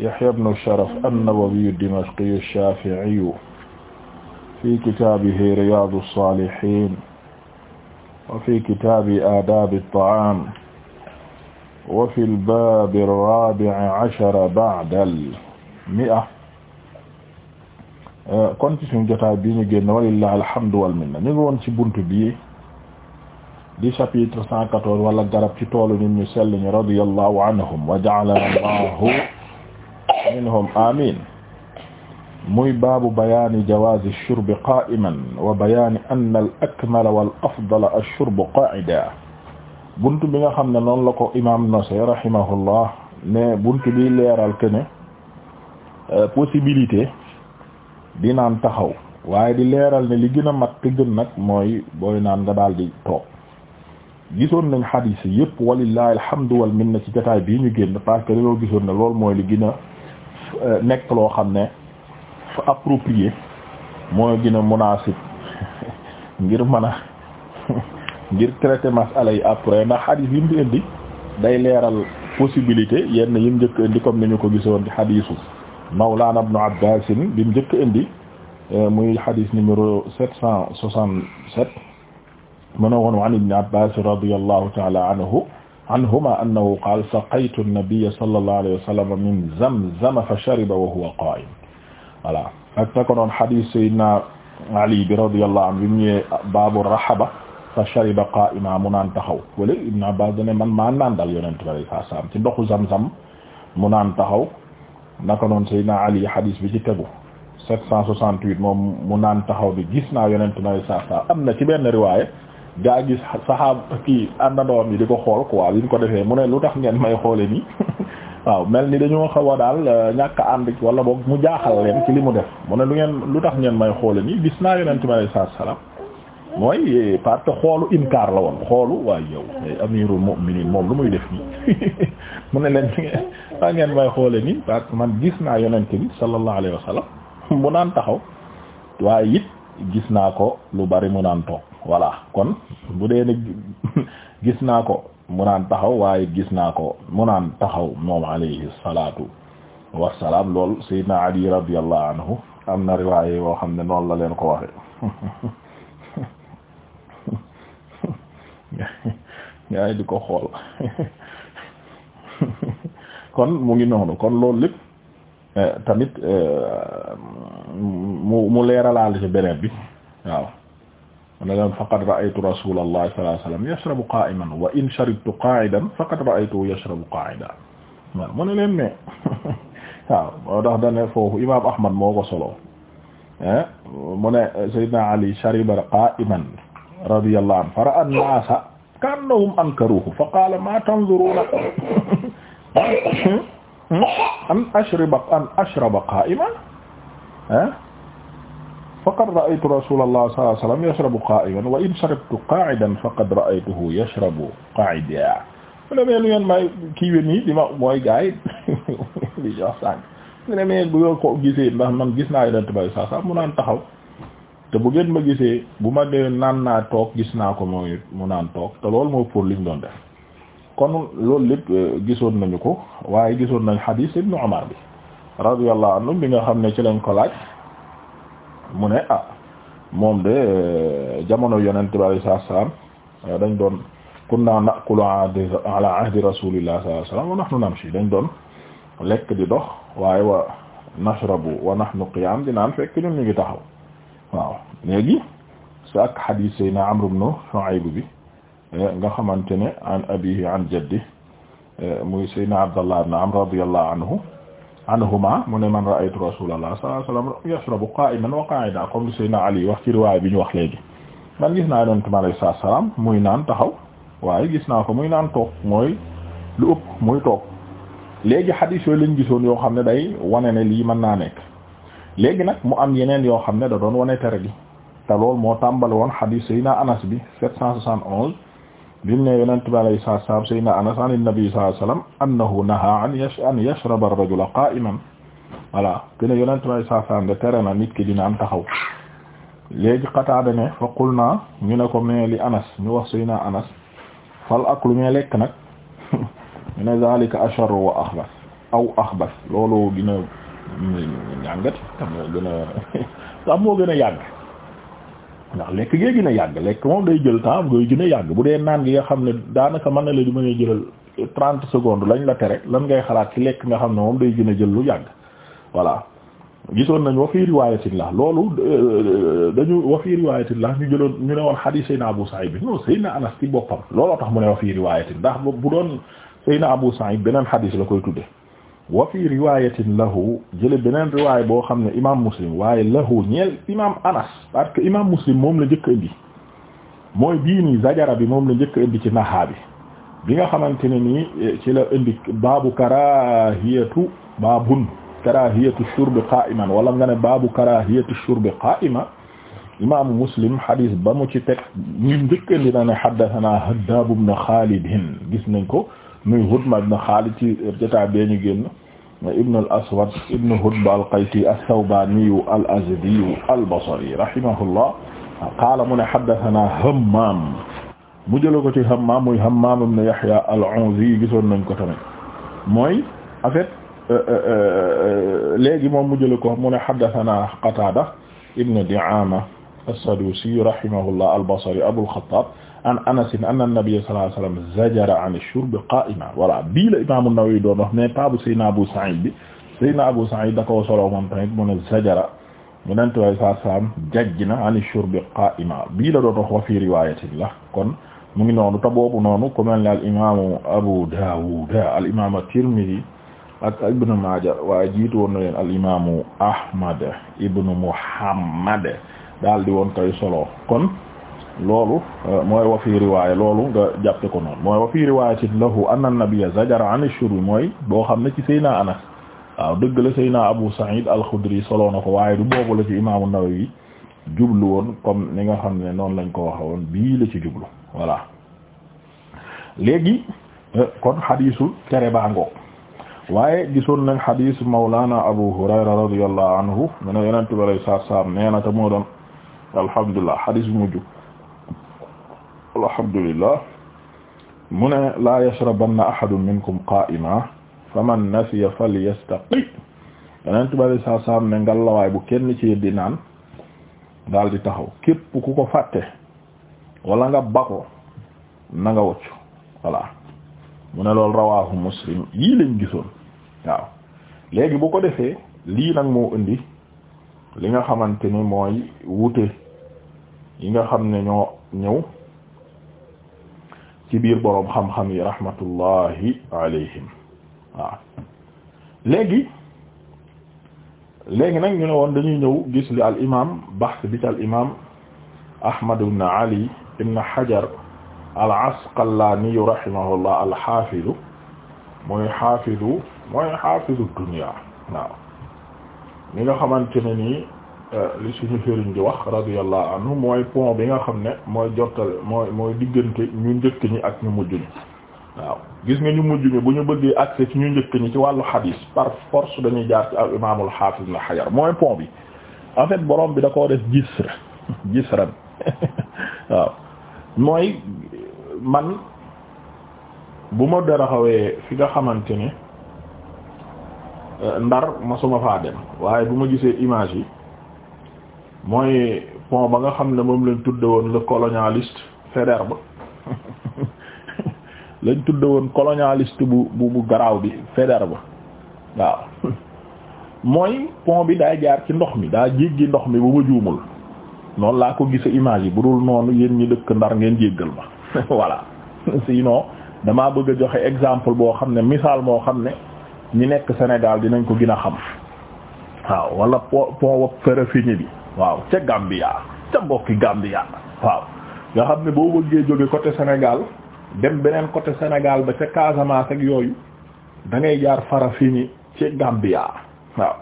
Yahya ibn Sharaf an-Nawawi ad-Dimashqi ash-Shafi'i fi kitaabihi Riyaadu as-Saalihiin wa fi kitaabi aadaabi at-ta'aam wa fi al-baab ar-raabi' 'ashara ba'da al-mi'a kon ci suñu jotaay bi ñu génn walillahi alhamdu wal minna ñu ngi woon ci buntu bi di chapitre 114 wala garab ci toolu nit ñu sell ñi radiyallahu anhum wa ja'alana Allahu minhum amin muy baabu bayaani jawaazi shurbi qaa'iman wa bayaani anna al akmala wal afdala ash-shurbu qaa'ida buntu bi nga xam ne noonu la ko imaam Nasr rahimahullah ne buntu bi leeral ke ne euh, possibilité di naan taxaw waaye di leeral ne li gën a mat te gën nag mooy booy naan nga daal di toog gisoon nañ xadiis yëpp walillahi alhamdu wal minna ci jotaay bi ñu génn parce que dañoo gisoon ne loolu mooy li gën Euh, nekk loo xam ne approprié moo gën munaasib ngir mën a ngir traiter masala yi après ndax xadis yi mu indi day leeral possibilité yenn yi mu njëkk indi comme nañu ko gisoon di xadisu Mawlana ibn Abbas bi mu njëkk indi euh, muy xadis numéro sept cent soixante-sept mu ne woon wa an ibn Abbas ta'ala anhu anhuma annahu qaala saqaytu nabiyya sallallahu alayhi wa sallam min zamzam fa shariba wa huwa qaa'im voilà ak naka noonu hadith sayyidina Ali bi radiyallahu anhu bi mu ñëwee baabu rahaba fa shariba qaa'iman mu naan taxaw wala Ibn Abbas ne man maa naan dal Yonent bi saa saam ci ndoxu Zamzam mu naan taxaw naka noonu sayyidina Ali hadith bi ci tegu 768 moom mu naan taxaw bi gis naa Yonent bi saa saam am na ci benn riwaaya gaa gis saxaab kii àndandoom yi di ko xool quoi bi ñu ko defee mu ne lu tax ngeen may xoole nii waaw mel ni dañoo xaw a daal euh, ñàkk ànd wala boog mu jaaxal leen ci li mu def mu ne lu ngeen lu tax ngeen may xoole nii gis naa yonent bi alayhi salaatu salaam mooy eh, parce xoolu inkaar la woon xoolu waaye yow eh, amirul mu'minin moom lu muy def mu ne leen ngeen may xoole nii parce man gis naa yonent bi sallallahu alayhi wa sallam mu naan taxaw waaye it gis naa ko lu bari mu naan toog voilà kon bu dee ne gis naa ko mu naan taxaw waaye gis naa ko mu naan taxaw moom alayhi salatu wasalaam lool sayyidina Ali radiyallahu anhu am na riwaaye yoo xam ne noonu la leen ko waxe ngay di ko xool kon mu ngi noonu kon loolu lépp eh, tamit eh, mu mu leeralaal ci beneen bi ne leen faqad ra'aytu rasulallahi sallallahu alayhi wasallam yashrabu qa'iman wa in sharibtu qa'idan faqad ra'aytuhu yashrabu qa'idan waaw mu ne leen ne waaw moo tax dane foofu imam ahmad moo ko solo eh, mu ne sayyidina ali shariba qa'iman radiyallahu anhu fara'a an-nasa kannahum ankaruhu fa qala ma tanzuruna an ashriba an ashraba qa'iman eh? faqad ra'aytu rasulallah sallallahu alayhi wa sallam yashrabu qaa'idan wa in sharibtu qaa'idan faqad ra'aytuhu yashrabu qaa'idan mu ne mais lu ngeen may kii wén yi di ma mooy gaay li mu bu ngeen ko gisee ndax man gis naa yonent bay saa mu naan taxaw te bu ngeen ma gisee bu ma dee naan naa toog gis naa ko mooy mu naan toog te loolu moo pour liñ doon def kon loolu lépp euh, gisoon nañu ko waaye gisoon nañ hadis ibnu Umar bi radiyallahu anhu bi nga xam ne ci lañ ko laaj mu ne ah moom de euh, jamono yonent bi alayhi salaam euh, dañ doon kunna naqulu ala ahdi rasulillah sallallahu alayhi wasallam wa nahnu namshi dañ doon lekk di dox waaye wa nashrabu wa nahnu qiyaam di naan fekk ñun ñu ngi taxaw waaw léegi sa ak hadith sayna Amr ibn Shu'ayb bi euh, nga xamante ne an abihi an jaddi muy sayna Abdallah ibn Amr radiyallahu anhu anhuma mu ne man ra'aytu rasulallah sallallahu alayhi wasallam yashrabu qa'iman wa qa'idan comme Seydina Ali wax ci riwaay bi ñu wax léegi man gis naa yonent mi alayhi salaam muy naan taxaw waaye gis naa ko muy naan toog mooy lu ëpp muy toog léegi xadiis lañ gisoon yoo xam ne day wane ne lii mën naa nekk léegi nag mu am yeneen yoo xam ne da doon wane tere gi te loolu moo tàmbali woon xadiis Seydina Anas bi 771 bim ne yonent bi alayhi salaatu salaam sayyidina Anas an nabi sallallahu alayhi wasallam annahu nahaa an yash an yashraba ar-rajula qaa'iman voilà gën a yonent bi alayhi salaatu salaam de tere na nit ki dina am taxaw léegi Qataada ne fa qulnaa ñu ne ko mais li Anas ñu wax sayyidina Anas fal aklu mais lekk nag ñu ne zaalika asharru wa axbas aw axbas loolu gën a ñàngat te moo gën a sax moo gën a yàgg. ndax lekk gee gën yàgg lekk moom day jël temps ngay gën a yàgg bu dee naan gi nga xam ne daanaka man na la di mën a jëlal trente secondes lañ la tere lan ngay xalaat ci lekk nga xam ne moom day gën a jël lu yàgg voilà gisoon nañ waaye fii riwaayatillah loolu euh, dañu wa fii riwaayatillah ñu jëloon ñu ne woon xadiis Seydina Abu Saïd bi non Seydina Anas ci boppam looloo tax mu ne wa fii riwaayatillah ndax bu doon Seydina Abu Saïd beneen xadiis la koy tudde wa fi riwayatin lahu jële beneen riwaaya boo xam ne imam muslim waaye lahu ñeel imam anas parce que imam muslim moom la njëkk indi mooy bii nii zajara bi moom la njëkk indi ci naxaa bi nga xamante ne nii e, ci la indi baabu karahiyatu baabun karahiyatu shurbi qa'iman wala nga ne baabu karahiyatu shurbi qa'ima imaamu muslim hadis ba mu ci teg ñu njëkk indi na ne haddathana haddab ibn khalid gis nañ ko muy Hudma ibn Xaalid ci jotaay bee ñu génn ibn al-Aswad ibn Hudba al-Qayti ath-Thawbaniyu al-Azdiyu al-Basriyu rahimahullah qaala mu ne haddathanaa Hammaam mu jëla ko ci Hammaam muy Hammaam ibn Yahya al-Anzi gisoon nañ ko tamit mooy en fait euh, euh, euh, léegi moom mu jëla ko mu ne haddathanaa Qataada ibn Di'aama as-Sadusi rahimahullah al-Basri Abul Khattab an Anas anna Nabiyya sallallahu alayhi wa sallam zajara an ash-shurb qaa'ima voilà bii la Imaam An-Nawawi doon wax mais pas bu Seydina Abu Sa'id bi Seydina Abu Sa'id da koo solo moom tamit mu ne zajara mu ne tuwaay saa saam jajj na an ash-shurb qaa'ima bii la doon wax wa fii riwaayatin la kon mu ngi noonu te boobu noonu ku mel ne al imaamu Abu Daawud al imaamu At-Tirmidhi ak Ibn Maaja waaye jiitu woon na leen al imaamu Ahmad ibn Muhammad daal di woon koy solo kon. loolu euh, mooy wa fii loolu nga jàppe ko noonu mooy wa fii riwaayatin lahu anna an-nabiyya zajara an mooy boo xam ne ci Seyna Anas waaw dëgg la Seyna Abu Sa'id al-Khudri soloo na ko waaye du boobu la ci imaamu Nawawi jublu woon comme ni nga xam ne noonu lañ ko waxe woon bii la ci jublu voilà léegi euh, kon xadiisu tere baa ngoo waaye gisoon nañ xadiis Mawlana Abu Hurayra radiyallahu anhu mu ne Yonent bi sallallahu alayhi na moo doon alhamdulillah xadiis bu mujj alhamdulillah mu ne laa yashrabanna ahadun minkum qaa'ima man nasiya falyastaqi yenent bari saa saam ne ngallawaay bu kenn ci yéen di naan daal di taxaw képp ku ko fàtte wala nga bako na nga waccu mu ne loolu rawaahu muslim yii lañ gisoon waaw léegi bu ko defee lii nag moo indi li nga xamante ni mooy wute yi nga xam ne ñoo ñëw ci biir boroom xam-xam yi rahmatullahi alayhim waaw léegi léegi nag ñu ne woon dañuy ñëw gis li al imam bahth bi ci al imam ahmad ibn ali ibn hajar al asqallani rahimahullah al hafidu mooy hafidu mooy hafidu dunya waaw mi nga xamante ne nii Euh, li suñu sëriñ di wax radiyallahu anhu mooy pont bi nga xam ne mooy jottale mooy mooy diggante ñu njëkk ñi ak ñu mujj ñi waaw gis nga ñu mujj ñi bu ñu bëggee accès ci ñu njëkk ñi ci wàllu xadiis par force dañuy jaar ci al imaamul xaafis na xajar mooy pont bi en borom bi da koo def jisr jisran waaw mooy man bu ma dara xawee fi nga xamante ni euh, ndar ma suma faa dem waaye bu ma gisee image yi mooy pont ba nga xam ne moom lañ tudde woon le colonialiste ba lañ tudde woon colonialiste bu bu bu garaaw bi ba waaw mooy pont bi daa jaar ci ndox mi daa jéggi ndox mi bu ma juumul noonu laa ko gis image yi bu dul noonu yéen ñi dëkk ndar ngeen jéggal ma voilà no damaa bëgg a joxe exemple boo xam ne misaal moo xam ne ñi nekk Sénégal dinañ ko gën a xam waaw wala pont pont wap fara fini bi waaw ca Gambia ca mbokki Gambia waaw nga xam ne boo bëggee jóge côté senegal dem beneen côté Sénégal ba ca Casamance ak yooyu da ngay jaar Farafenni ci Gambia waaw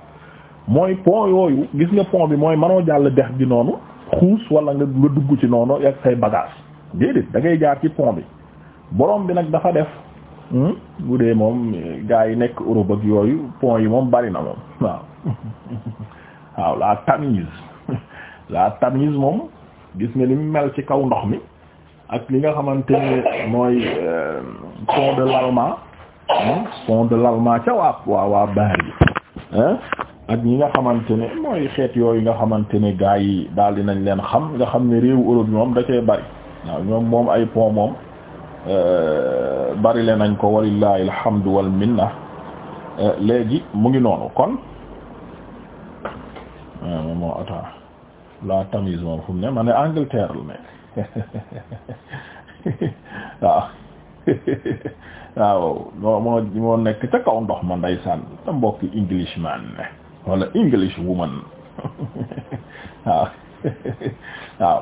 mooy pont yooyu gis nga pont bi mooy manoo jàll dex bi noonu xuus wala nga nga dugg ci noonu ak say bagage déedéet da ngay jaar ci pont bi borom bi nag dafa def hmm, bu dee moom gaa yi nekk Europe ak yooyu pont yi moom bari na moom waaw waaw la la tamise moom gis nga li mu mel ci kaw ndox mi ak li nga xamante ne mooy euh, pont de l'Alma pont de l'Alma ca waa waa waa yi ak ñi nga xamante ne mooy xeet yooyu nga xamante ne gaa yi daal di nañ leen xam nga xam ne réewu Europe moom da bari waaw ñoom moom ay pont moom euh, bari leen nañ ko walillahi alhamdu wal minna euh, léegi mu ngi noonu kon moo ata la tamise moom fu ne ma ne Angleterre la nekk waaw waaw moo moo nekk ca kaw ndox ma ndeysaan te mbokki Englishman wala English woman waaw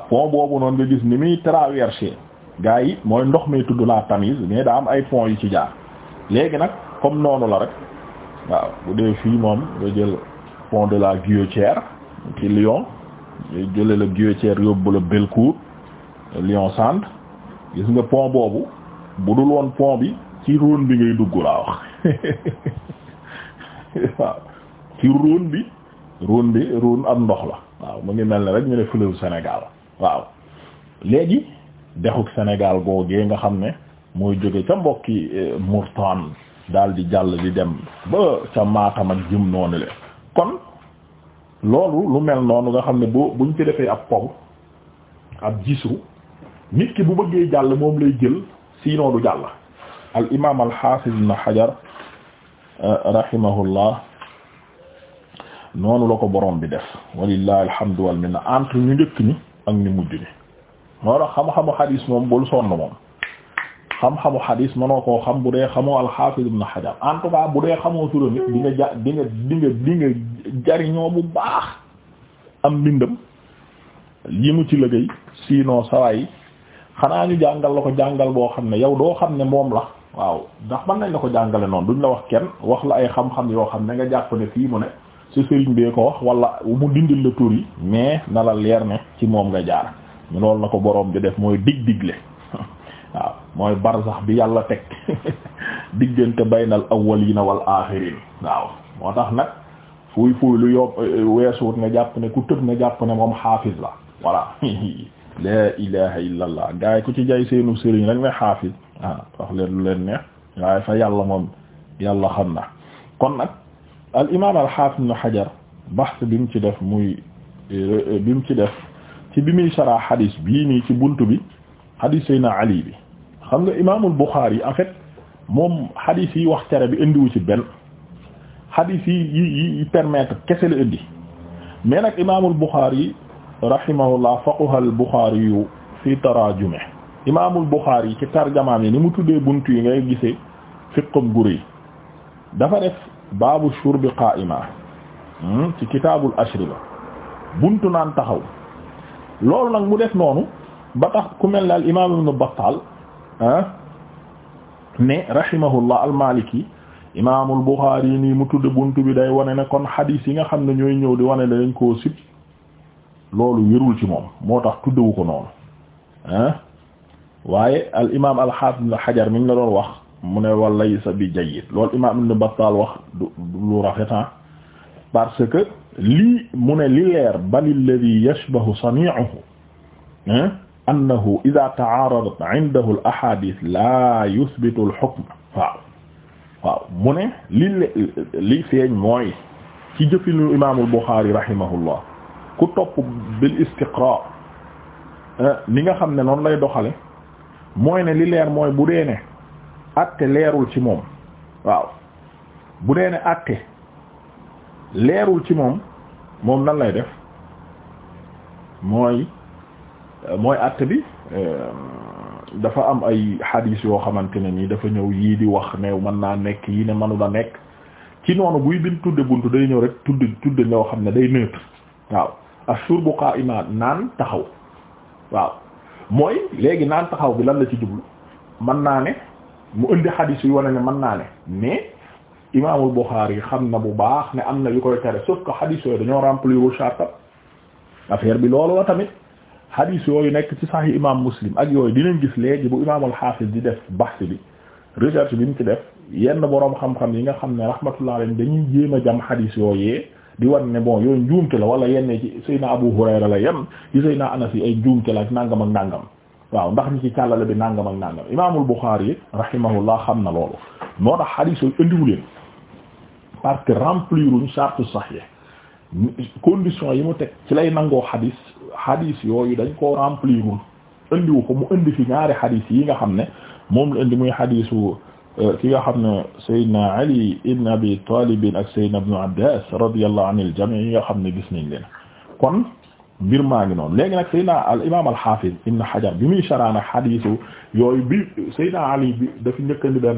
pont boobu noonu nga gis ni muy traversé gars yi mooy ndox mi tudd la Tamise mais daa am ay pont yu ci jaar léegi nag comme noonu la rek waaw bu dee fii moom nga jël pont de la Guillotière ci Lyon jële la Guillotière yóbbu la Bellecour Lyon centre gis nga pont boobu bu dul woon pont bi ci Rhône bi ngay dugg laa wax waaw ci Rhône bi Rhône bi Rhône am ndox la waaw mu ngi mel ne rek ñu ne fleuve Sénégal waaw léegi dexuk Sénégal googee nga xam ne mooy jóge ca mbokki eh, Mourtaan daal di jàll di dem ba ca Matam ak jëm noonu le kon loolu lu mel noonu nga xam ne boo buñ ci defee ab pom ab jisru nit ki bu bëggee jàll moom lay jël sinon du jàll al imaam al xaafiz ibn xajar euh, rahimahullah noonu la ko borom bi def walillahi alhamdu wal minna entre ñu njëkk ñi ak ñu mujj ni moo tax xam-xamu xadiis moom bul sonn moom xam-xamu xadis mënoo koo xam bu dee xamoo al-Hafiz Ibn Hajar en tout cas bu dee xamoo turam it di nga ja di nga di nga di jariñoo bu baax am bindam li mu ci liggéey sinon sawaay xanaa ñu jàngal la ko jàngal boo xam ne yow doo xam ne moom la waaw ndax man nañ la ko jàngale noonu duñ la wax kenn wax la ay xam-xam yoo xam ne nga jàpp ne fii mu ne ci sëriñ bee ko wax wala mu dindil la tur yi mais na la leer ne ci moom nga jaar loolu la ko boroom bi def mooy dig digle waaw mooy barzax bi yàlla teg diggante baynal awwalina wal axirin waaw moo tax nag fuuy fuuy lu yomb weesuwut na jàpp ne ku tëb na jàpp ne moom xaafis la voilà la ilaha illallah yi ku ci jay seenu sëriñ rek ne xaafis ah wax leen lu leen neex waaye fa yàlla moom yàlla xam na kon nag al imam al xaafis ibn xajar bahth bi mu ci def muy eh, bi mu ci def ci bi muy sara xadiis bii nii ci bunt bi xadiis Seydina Ali bi xam nga imaamul Buxaari en fait moom xadiis yi wax tere bi indiwu ci benn xadiis yi yi permettre kese la indi mais nag imaamul Buxaari rahimahullah faqahal Buxaari yu fi taraajume imaamul Buxaari ci tarjamaam yi ni mu tuddee bunt yi ngay gisee fiqam gure yi dafa def baabu shurbi qaa'ima hmm, ci kitaabul ashriba buntu naan taxaw loolu nag mu def noonu ba tax ku mel ne al imaam ibnu Battaal ah ne rahimahullah al maliki imaamul Buxaari yi nii mu tudd buntu bi day wane ne kon hadith yi nga xam ne ñooy ñëw di wane ne dañ koo sib loolu wérul ci moom moo tax tuddewu ko noonu ah waaye al imaam al xaafis ibnu Hajar mi ñu la doon wax mu ne wa laysa bi jayyid loolu imaam ibnu Battaal wax du lu rafetan ah. parce que lii mu ne li leer bal alladhi yashbahu sani'uhu ah. annahu ida taaradat indahu al ahadith la yuthbitu al hukm waaw waaw mu ne li li feeñ mooy ci jëfinu imam al Bukhari rahimahullah ku topp bil istiqra eh, ni nga xam ne noonu lay doxale mooy ne li leer mooy bu dee ne atte leerul ci moom waaw bu dee ne atte leerul ci moom moom nan lay def mooy mooy àtte bi euh, dafa am ay hadith yoo xamante ne nii dafa ñëw yii di wax new mën naa nekk yii ne mënu la nekk ci noonu buy bin tudde buntu day ñëw rek tudd tudd ñoo xam ne day neutre waaw bu qa'ima naan taxaw waaw mooy léegi naan taxaw bi lan la ci jublu mën naa ne mu indi hadith yu wane ne mën naa ne mais imaamul Bukhari xam na bu baax ne am na yu koy tere sauf que hadith yooyu dañoo remplir wu charte bi loolu la tamit hadith yooyu nekk ci sahih imam muslim ak yooyu dinañ gis léegi bu imaamul xaafis di def bahth bi recherche bi mu ci def yenn boroom xam-xam yi nga xam ne rahmatullah alayhi dañuy jéem a jam hadith yooyee di wan ne bon yooyu njuumte la wala yenn ci sayna abu hurayra la yem ci sayna anas yi ay njuumte la ak nàngam ak nàngam waaw ndax ni ci càllale bi nàngam ak nàngam imaamul buxaari rahimahullah xam na loolu moo tax hadith yooyu indiwuleen parce que remplir uñ charte yi mu teg ci lay nangoo hadith xadis yooyu dañ koo remplirul indiwu ko mu indi fi ñaari xadis yi nga xam ne moom la indi muy xadisu euh, ki nga xam ne Seydina Ali ibn Abi Talib ak Seydina Ibn Abbas radiyallahu anil jami' yi nga xam ne gis nañ leen kon mbir maa ngi noonu léegi nag Seydina al imaam al xaafiz Ibn Hajar bi muy saraan ak xadisu yooyu bi Seydina Ali bi dafa njëkk indi benn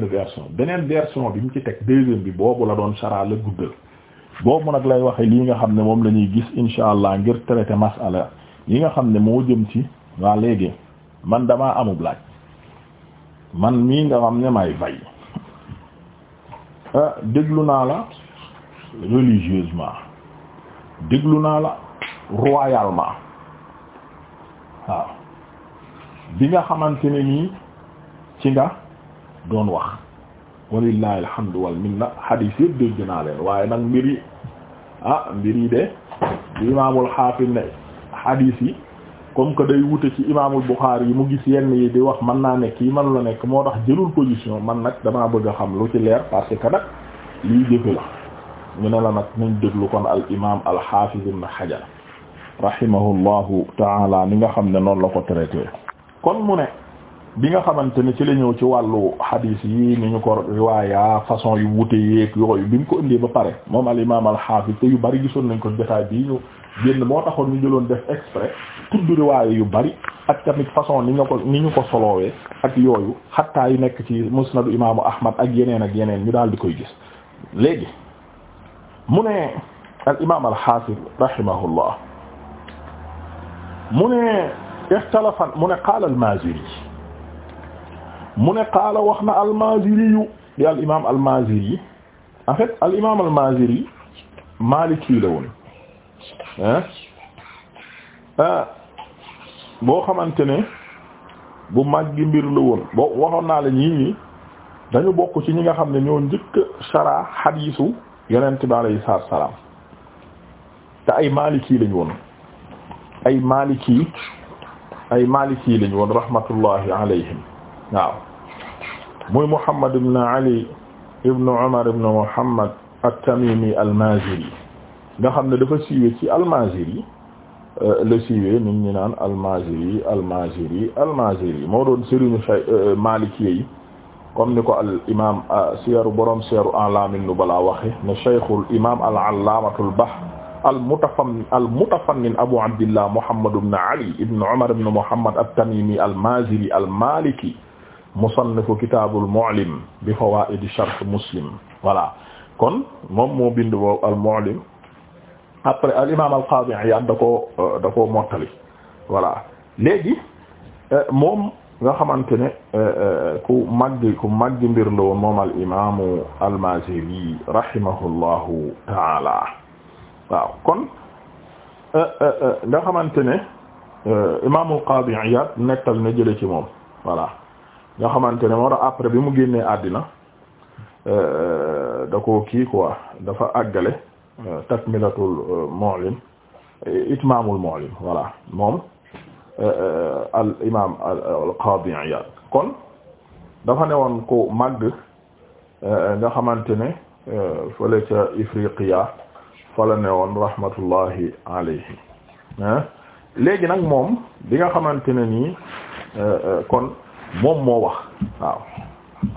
beneen version bi mu ci teg deuxième bi boobu la doon saraan la guddal boobu nag lay waxe lii nga xam ne moom la ñuy gis insha allah ngir traiter masala yi nga xam ne moo jëm ci waa léegi man dama amub laaj man mii nga xam ne may fay ah déglu naa la religieusement déglu naa la royalement waaw bi nga xamante ne nii ci nga doon wax walillahi alhamdu wal minna yëpp dégg naa leen waaye nag mbir yi ah mbir yi de bi imaamul xaafis ne hadis yi comme que day wute ci imaamul Buxaari yi mu gis yenn yi di wax mën naa nekk yi manu la nekk moo tax jëlul position man nag damaa bëgg a xam lu ci leer parce que nag lii jëfe la ñu ne la nag nañ déglu kon al imaam al xaafiz ibn Hajar rahimahullahu taala ni nga xam ne noonu la ko traité kon mu ne bi nga xamante ne ci la ñëw ci wàllu hadith yi ni ñu ko riwaaya façon yu wute yeeg yooyu bi mu ko indee ba pare moom al imaam al hafiz te yu bari gisoon nañ ko jotaay bii ñu génn moo taxoon ñu jëloon def exprès yu bari façon ni ko ni ñu ko solowee ak yooyu xattaa yu nekk ci musnadu imaamu ahmad ak yeneen ak yeneen ñu daal di koy gis léegi mu ne al imaam al hafiz rahimahullah mu ne ixtalafa mu ne qaala al maaziri mu ne qaala wax na al-Maaziri yu di al imaam al-Maaziri en fait al imaam al-Maaziri Maliki la woon ah boo xamante ne bu màggi mbir la woon boo waxoon naa la ñi dañu bokk ci ñi nga xam ne ñoo njëkk shara xadiisu yonent bi alayhi salaam te ay Maliki lañ woon ay Maliki ay Maliki lañ woon rahmatullahi alayhim waaw muy Muhammad ibn Ali ibn Umar ibn Muhammad at-Tamimi al-Maziri nga xam ne dafa siiwee ci al-Maziri euh, la siiwee nit ñi naan al-Maziri al-Maziri al-Maziri moo doon sëriñu euh, Maliki yi comme ni ko al imaam euh, siyaru borom siyaru a'lam an-nubala waxe ne shaykhul imaam al-allaamatul bahr al-mutafan al-mutafannin abu abdillah Muhammad ibn Ali ibn Umar ibn Muhammad at-Tamimi al-Maziri al-Maliki musannifu kitaabul mu'lim bi fawaa'idi sharh muslim voilà kon moom moo bind boobu al mu'lim après al imaam al qaadi Iyaad da koo mottali voilà léegi euh, moom nga xamante ne euh, euh, ku màgg ku màgg mbir moom al imaamu al Maaziri rahimahullahu taala waaw kon nga xamante ne imaamul qaadi Iyaad nettal na jële ci moom voilà. nga xamante ne moo tax après bi mu génnee àddina da ko kii quoi dafa àggale takmilatul mu'lim itmaamul mu'lim voilà moom al imaam al qaadi Iyaad kon dafa newoon ko màgg nga xamante ne fële ca Ifriqiya fa la newoon rahmatullahi alayhi léegi nag moom bi nga xamante ne nii kon moom moo wax waaw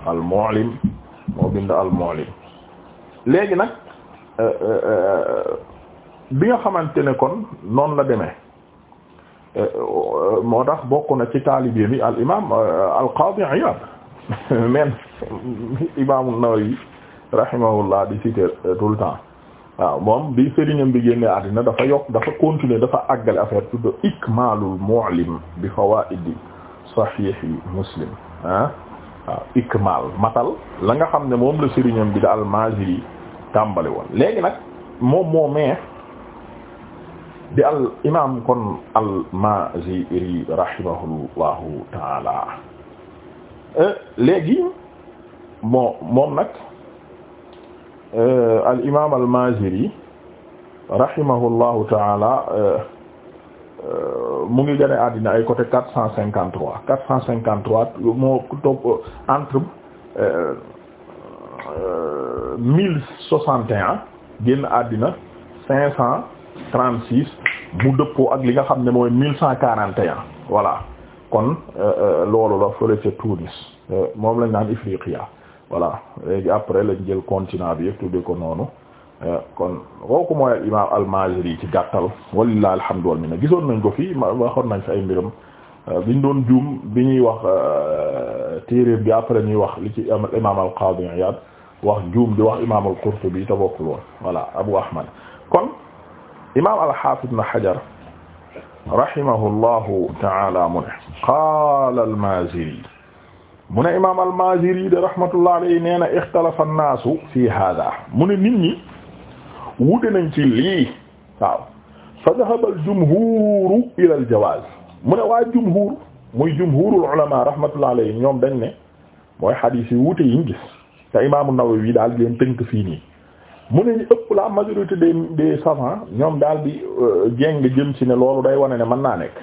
al-Mu'lim moo bind al léegi nag euh, euh, euh, bi nga xamante ne kon noonu la demee moo tax bokk na ci taalibe bi al imaam al qaadi Iyaad men imaam an-Nawawi rahimahullah di citer tout le temps waaw moom bi sëriñam bi génne àddina dafa yokk dafa continuer dafa àggale affaire tudd ikmaalul mu'lim bi fawaa'idi sahihi muslim ah, la nga xam ne moom la sëriñam bi da al léegi nag moom moo di al imam kon al-Maaziri rahimahullahu taala eh, léegi moom nag eh, al imam al-Maaziri rahimahullahu taala eh, Euh, mu ngi gën a àddina ay côté quatre cent cinquante trois quatre cent cinquante trois moo topp euh, entre euh, mille soixante et génn àddina cinq cent trente six mu dëppoo ak li nga xam ne mooy mille cent quarante et un voilà kon loolu la fële ca Tunis moom lañ naan Ifriqiya voilà léegi après lañ jël continant bi yëpp tuddee ko noonu Euh, kon kooku mooy imaam al-Maaziri ci gàttal walillahi alhamdu wal minna gisoon nañ ko fii waxoon nañ fi ay mbiram euh, biñ doon juum bi ñuy wax euh, téeréer bi après ñuy wax li ci imaam al-Qaadi Iyaad wax juum di wax imaam al-Qurtubi te bokkul woon voilà Abu Ahmad kon imaam al-Haafiz Ibn Hajar rahimahullahu ta'ala mu ne qaala al-Maaziri mu ne imaam al-Maaziri de rahmatullahi alayhi nee na ixtalafa an-naasu fi haadaa mu ne nit ñi. wute nañ ci lii waaw fa dhahaba al jumhuru ila al jawaz mu ne waa jumhur muy jumhurul ulama rahmatullah alayhi ñoom dañ ne mooy xadiis yi wuute yiñ gis te imaamu Nawawi daal di leen tënk fii nii mu ne ñu ëpp la majorité des des savants ñoom daal di euh, jéng jëm ci ne loolu day wane ne mën naa nekk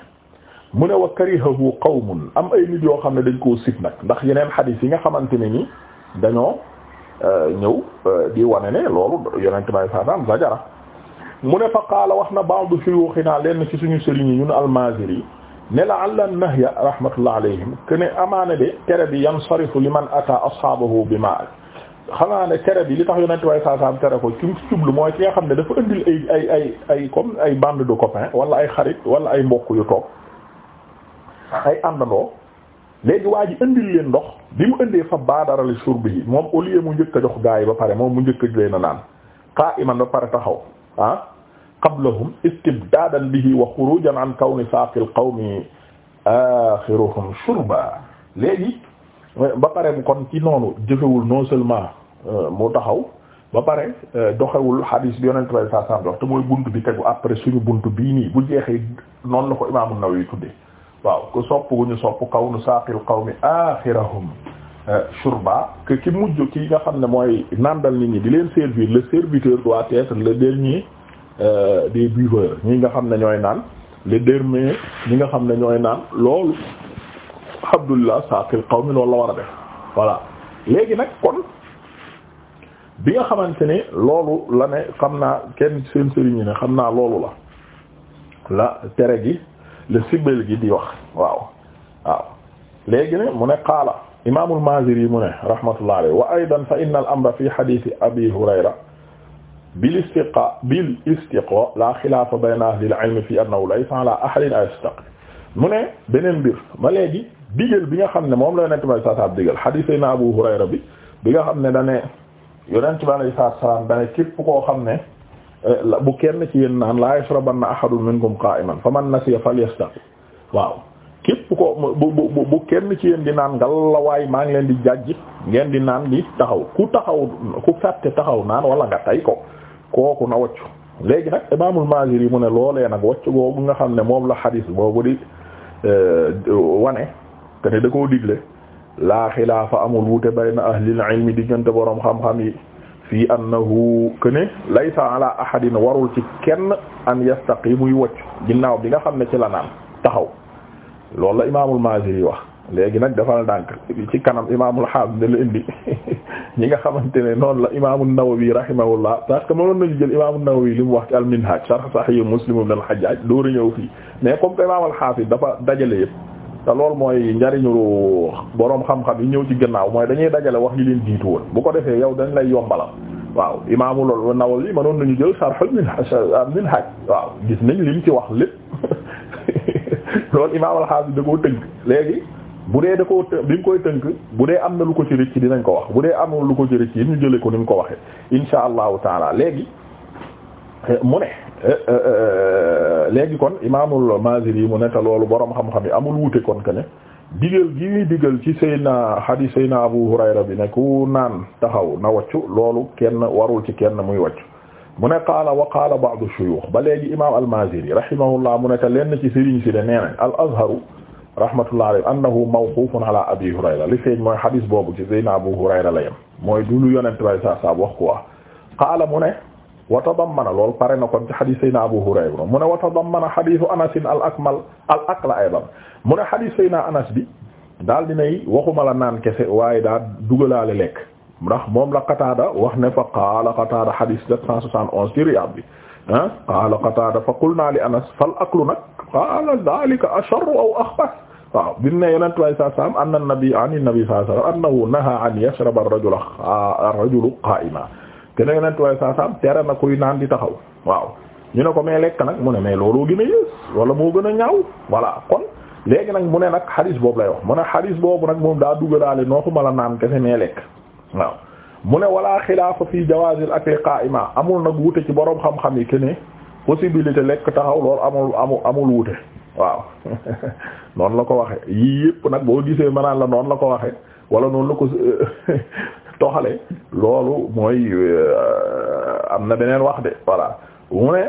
mu ne wa karihahu qawmun am ay nit yoo xam ne dañ koo sib nag ndax yeneen xadiis yi nga xamante ne ni dañoo Euh, ñëw euh, di wane ne loolu yonent bay saasaam zajara mu ne fa qaala wax na ba'du shuyukhina lenn ci suñu sëriñ yi ñun al-Maaziri ne la alla nahya rahmatullah alayhim que ne amaane de tere bi yansarifu liman ata ashaabahu bi ma xanaa ne tere bi li tax yonent bay saasaam tere ko ci jublu mooy ki nga xam ne dafa indil ay ay ay ay comme ay bande de copains wala ay xarit wala ay mbokk yu toog ay àndandoo léegi waa ji indil leen ndox bi mu indee fa baadarali surbi yi moom au lieu mu njëkk a jox gaa yi ba pare moom mu njëkk a leen a naan qa'iman ba pare taxaw ah qablahum istibdaadan bihi wa xurujan an kawni saaqil qawmi axiruhum shurba léegi ba pare kon ci noonu jëfewul non seulement euh, mu taxaw ba pare euh, doxewul hadis bi yonent bay saa saa dox te mooy bunt bi tegu après suñu bunt bi nii bu jeexee noonu la ko imaamu Nawawi tuddee waaw ku sopp gu ñu sopp kaw nu saaqil qawmi axirahum euh, shurba ki ki mujj ki nga xam ne mooy nandal nit ñi di leen servir le serviteur doit être le dernier euh, des buveurs ñi nga xam ne ñooy naan le dernier ñi nga xam ne ñooy naan loolu abdullah saaqil qawmi loolu la war a def voilà léegi nag kon bi nga xamante ne loolu la ne xam naa kenn seen sëriñ ne xam naa loolu la la tere gi le sibel gi di wax waaw waaw ne mu ne qaala imaamul Maaziri mu ne rahmatullah alayhi wa aydan fa inna al fi hadithi abi hurayra bil istiqa bil istiqa la xilaafa bayna ahli al ilm fi annahu laysa ala ahadin ay istaqi mu ne beneen mbir ma léegi bi nga xam ne moom la yonent bi saa Abu Hurayra bi bi nga xam ne dane yonent bi saa saam dane képp koo xam ne bu kenn ci yéen naan la yashrabanna ahadun minkum qa'iman faman nasiya falyastaqi waaw képp ko bu bu bu kenn ci yéen di naan ngalawaay maa ngi leen di jàjj ngeen di naan di taxaw ku taxaw ku fàtte taxaw naan wala nga tay ko kooku na waccu léegi nag imaamul Maaziri mu ne loolee nag waccu boobu nga xam ne moom la xadiis boobu di euh, wane te ne da koo digle laa xilaafa amul wute bayna ahlil ilmi diggante boroom xam-xam yi fi annahu këne laysa ala ahadin warul ci kenn an yastaqi muy wocc ginnaaw bi nga xam ne ci la naan taxaw loolu la imaamul Maaziri wax léegi nag dafal ndànk ci kanam imaamul Haafiz da la indi ñi nga xamante ne noonu la imaamul Nawawi rahimahullah parce que mënoon nañu jël imaamul Nawawi li mu wax ci al-Minhaj sharh Sahih Muslim ibn al-Hajjaj dooru ñëw fii mais comme que imaamul Haafiz dafa dajale yëpp te loolu mooy njariñu boroom xam-xam yi ñëw ci gannaaw mooy dañuy dajale wax yi leen jiitu woon bu ko defee yow dañ lay yombalal waaw imaamul Nawawi mënoon nañu jël sarxul Minhaj waaw gis nañ li mu ci wax lépp loolu imaamul Xaafis da koo tënk léegi bu dee da koo të bi mu koy tënk bu dee am na lu ko ci rëcc dinañ ko wax bu dee amul lu ko ci rëcc yi ñu jëlee ko ni mu ko waxee insha allahu taala léegi mu ne. Eh, eh, eh, léegi kon imaamul Maaziri mu nekk loolu borom xam-xam yi amul wuute kon que digal gi ñuy digal ci Seyna hadith Seyna Abu Hurayra bi ne ku naan taxaw na waccu loolu kenn warul ci kenn muy waccu mu ne qaala wa qaala ba'du shuyuux ba léegi imaam al-Maaziri rahimahullah mu nekk lenn ci sëriñ si ne nee nañ al-Azharu rahmatullah alayhi annahu mawquufun ala Abi Hurayra li feeñ mooy hadith boobu ci Seyna Abu Hurayra la yem mooy du lu yonent bay saa saa wax quoi qaala mu ne. wa tadammana lool pare na kon ci xadis sayna Abu Hurayra mu ne wa tadammana xadisu Anas al akmal al akla aydan mu ne xadis sayna Anas bi daal dinay waxuma la naan kese waaye daa dugalaale lekk ndax moom la Qataada wax ne fa qaala Qataada xadis 771 ci Riyaad bi ah qaala Qataada fa qulna li Anas fal aklu nag qaala daalika asharru aw axbas waaw bi mu ne yonent bi saa salaam anna nabi an nabi saa salaam annahu naha an yashraba ar-rajulu ar-rajulu qaa'iman te ne yonent waaye saa saam tere na kuy naan di taxaw waaw ñu ne ko mais lekk nag mu ne mais looloo gën a yées wala moo gën a ñaaw voilà kon léegi nag mu ne nag xadis boobu la wax mu ne xadis boobu nag moom daa dugalaale noo xuma la naan kese mais lekk waaw mu ne wala xilaafa fii jawaazil akli qaa'ima amul nag wute ci boroom xam-xam yi ke ne possibilité lekk taxaw loolu amul amul amul wute waaw noonu la ko waxe yii yëpp nag boo gisee mënaan la noon la ko waxe wala noonu la ko toxale loolu mooy euh, am na beneen wax de voilà mu ne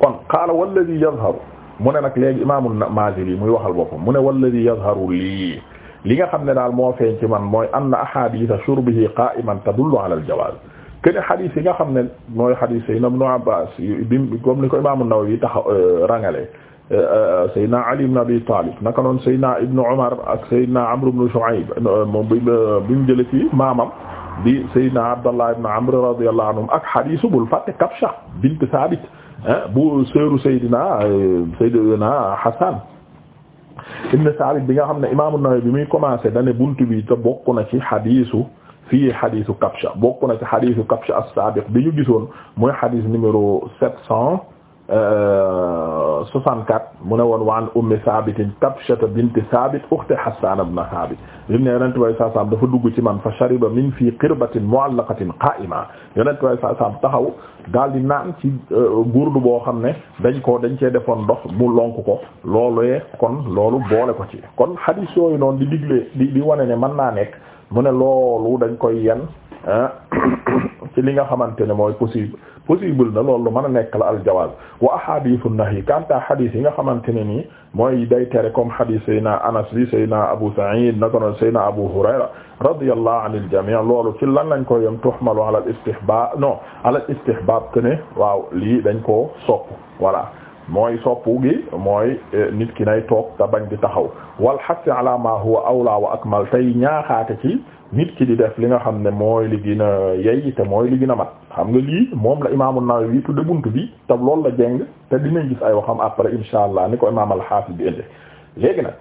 kon qaala walladi yazharu mu ne nag léegi imaamul Maaziri muy waxal boppam mu ne walladi yazharu lii li nga xam ne daal moo feeñ ci man mooy anna ahaditha shurbihi qa'iman tadullu ala al-jawaz kene xadis yi nga xam ne mooy xadis Seydina Ibn Abbas bi comme ni ko imaam an-Nawawi tax euh, rangale euh, Seydina Ali ibn Abi Talib naka noon Seydina Ibn Umar ak Seydina Amr ibn Shu'ayb moom bi mu jële ci maamam di Seydina Abdallah ibn Amr radiyallahu anhum ak hadiisu bul fàtte Kabsha bint Saabit ah, bu seeru Seydina Seydina Hasan ibn Saabit bi nga xam ne Imaam An-Nawawi bi muy commencé dane buntu bi te bokk na ci hadiisu fii hadiisu Kabsha bokk na ci hadiisu Kabsha as-saabiq bi ñu gisoon mooy hadiis numéro sept 64 euh, mu ne woon waan ummi a Kabshata bint Saabit ukhti Hassaan ibn Saabit lim ne yonent way saa saam dafa dugg ci man fa shariba min fii qirbatin mu'allaqatin qaa'ima yonent way saa saam taxaw daal di naan ci euh, gurdu boo xam ne dañ ko dañ cee defoon ndox mu lonk ko looluyee kon loolu boole ko ci kon hadith yooyu noonu di digle di di wane ne man naa nekk mu ne loolu dañ koy yen Ah, ci li nga xamante ne mooy possible possible na loolu mën a nekk la aljawaaz wa ahadithu nahyi kanta hadith yi nga xamante ne nii mooy day tere comme hadith sayna Anas bi sayna Abu Sa'id naka noonu sayna Abu Hurayra radiyallahu anil jami' loolu ci lan lañ ko yem tuhmalu ala al istihbab non ala al istihbab que ne waaw lii dañ koo sopp voilà mooy soppu gi mooy eh, nit ki nay toog te bañ di taxaw wal xasi ala ma huwa awla wa akmal tey ñaaxaate ci nit ki di def li nga xam ne mooy li gën a yey te mooy li gën a mat xam nga lii moom la imaamu Nawawi tudde bunt bi te loolu la jeng te dinañ gis ay waxam après insha allah ni ko imaam al-Hafiz bi indi léegi nag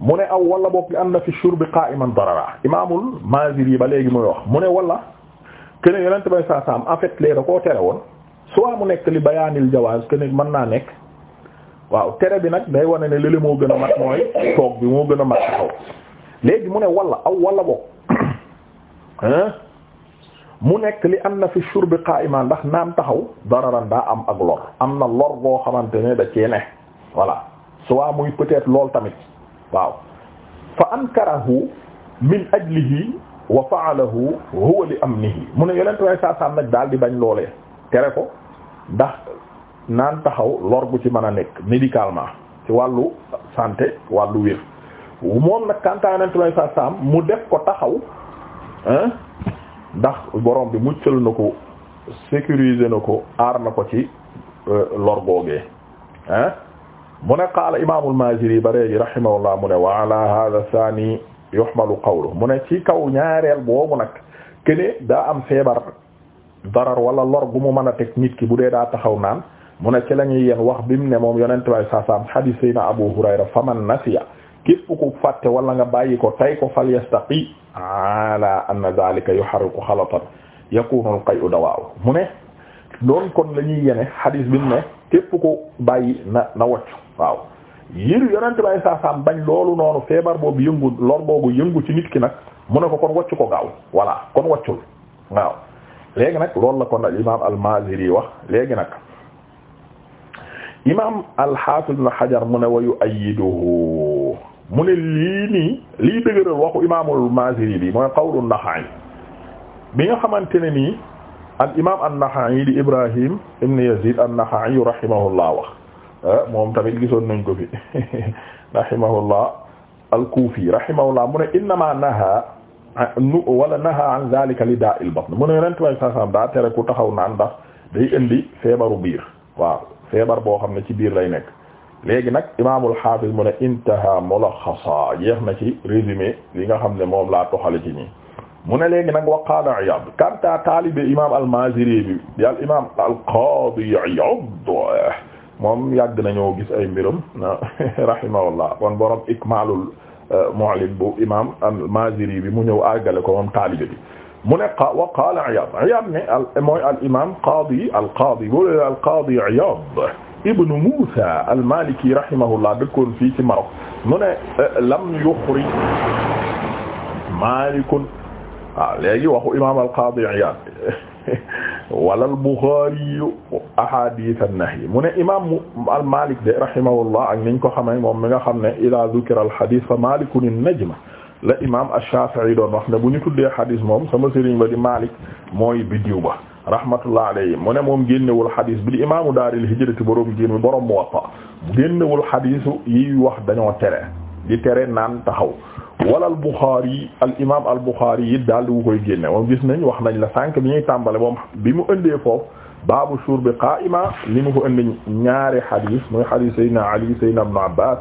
mu ne aw wala boog li am na fi shurbi qa'iman darara imaamul Maziri ba léegi muy wax mu ne walla kene yonent bay saa saam en koo tere woon soit mu nekk li bayaanil jawaaz que ne mën naa nekk waaw tere bi nag day wane ne lële moo gën a mat mooy toog bi moo gën a mat taxaw léegi mu ne wala aw wala boog mu nekk li am na fi shurbi qa'iman ndax naan taxaw dararan daa am ak lor am na lor boo xamante ne da cee ne voilà soit muy peut-être lool tamit waaw fa ankarahu min ajlihi wa fa'alahu huwa li amnihi mu ne yonent way saa sam nag daal di bañ loolee tere ko ndax naan taxaw lor bu ci mën a nekk médicalement ci wàllu santé wàllu wér moom nag kantaanantu lay sa saam mu def ko taxaw hein ndax borom bi muccal na ko sécuriser na ko aar na ko ci euh, lor googee hein mu ne qaala imaamul Maaziri ba léegi rahimahullah mu ne wa ala hada thani yuhmalu qawlu mu ne ci kaw ñaareel boobu nag kene daa am feebar darar wala lor gu mu mën a teg nit ki bu dee daa taxaw naan mu ne ci la ñuy yéen wax bi mu ne moom yonent way saasaam xadiis sayna Abu Hurayra faman nasiya képp ku fàtte wala nga bàyyi ko tay ko fal yastaqi ala anna zalika yuharriku xalatan yakunu al qay'u dawaaw mu ne doon kon la ñuy yene xadiis bi mu ne képp ku bàyyi na na wocc waaw yëru yonent bay saasaam bañ loolu noonu feebar boobu yëngu lor boobu yëngu ci nit ki nag mu ne ko kon wocc ko gaaw voilà kon waaw léegi nag loolu la kon al imaam al-Maaziri wax léegi nag imaam al-Haafiz Ibn Hajar mu ne wa yu'ayyiduhu mu ne lii nii lii dëgëral waxu imaamul Maaziri bi mooy qawlu Naxa'i bi nga xamante ne nii al imaam an-Naxa'i di Ibrahim ibn Yazid an-Naxa'i rahimahullah wax eh, moom tamit gisoon nañ ko fi rahimahullah al-Kufi rahimahullah mu ne innamaa nahaa nu wala naha an zalika li daa il batn mu ne yonent way sasam daa tere ku taxaw naan ndax day indi feebaru biir waaw feebar boo xam ne ci biir lay nekk léegi nag imaamul hafiz mu ne intaha mulaxasa jeex na ci résumé li nga xam ne moom laa toxale ci ñi mu ne léegi nag wa qaala Iyaad kanta taalibe imam al-Maaziri bi di al imam al-Qaadi Iyaad moom yàgg nañoo gis ay mbirum rahimahullah kon Euh, mu'allim bu imam al-Maziri bi mu ñëw àggale ko moom taalibe bi mu ne wa qaala Iyaad Iyaad ne al mooy al imaam qaadi al qaadi boo leen al qaadi Iyaad ibn Muusaa al Maaliki rahimahullah dëkkoon fii ci Maroc mu ne euh, lam yuxrij Maalik waaw léegi waxu imaam al qaadi Iyaad walal Buxaari ahadith an-nahy mu ne imaam al-Maalik de rahimahullah ak niñ ko xamee moom mi nga xam ne ila dhukira al-hadith fa Maalikun an-najm la imaam ash-Shaafi'i doon wax ne bu ñu tuddee hadith moom sama sëriñ ba di Maalik mooy biddiw ba rahmatullah alayhi mu ne moom génnewul hadith bi di imaamu daaril hijrati borom génn mi borom Muwatta génnewul hadith yi wax dañoo tere di tere naan taxaw. wala al Bukhari al imaam al Bukhari it daal di koy génne moom gis nañ wax nañ la sànq bi ñuy tàmbale moom bi mu ëndee foofu baabu shurbi qaa'ima li mu ko ëndi ñaari xadis mooy xadis Seydina Ali Seydina Ibn Abbas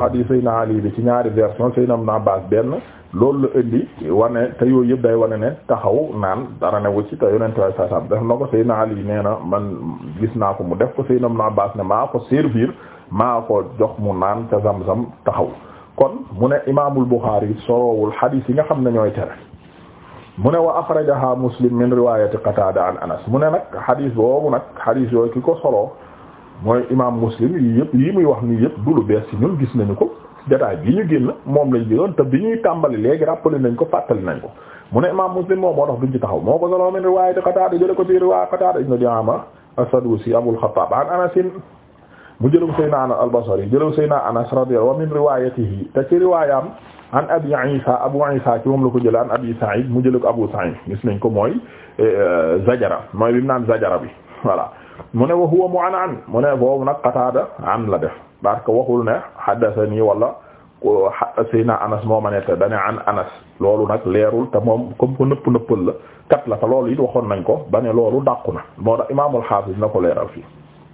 xadis Seydina Ali bi ci ñaari version Seydina Ibn Abbas benn loolu la ëndi wane te yooyu yëpp day wane ne taxaw naan dara ne wu ci te yonent waay saa saam def na ko Seydina Ali nee na man gis naa ko mu def ko Seydina Ibn Abbas ne maa ko servir maa ko jox mu naan ca Zamzam taxaw. kon mu ne imaamul Buxaari sorowul xadiis yi nga xam ne ñooy tere mu ne wa axrajaha Muslim min riwaayati Qataada an Anas mu ne nag xadiis boobu nag xadiis yooyu ki ko solo mooy imaam Muslim yii yëpp yii muy wax nii yëpp du lu bees ci ñun gis nañu ko détail bi ñu génn moom lañ jëloon te bi ñuy tàmbali léegi rappelé nañ ko fàttali nañ ko mu ne imaam Muslim moom moo tax duñ ci taxaw moo ko solo min riwaayati Qataada jële ko ci riwaaya Qataada ibn Di'aama mu jëlum sayna anas al-Basri jëlum sayna anas radiyallahu wa min riwayatihi te ci riwaayam an abi isa abu isa ci moom la ko jëlee an abi Sa'id mu jële ko abu Sa'id gis nañ ko mooy eh, eh, zajara mooy bi mu naan zajara bi voilà mu ne wa huwa mu an an mu ne boobu nag Qataada an la def parce que waxul ne haddathani wala sayna anas moo ma ne te dane an anas loolu nag leerul te moom comme ko nëpp nëppal la kat la te loolu it waxoon nañ ko ba ne loolu dàqu na moo tax imaamul Haafiz na ko leeral fii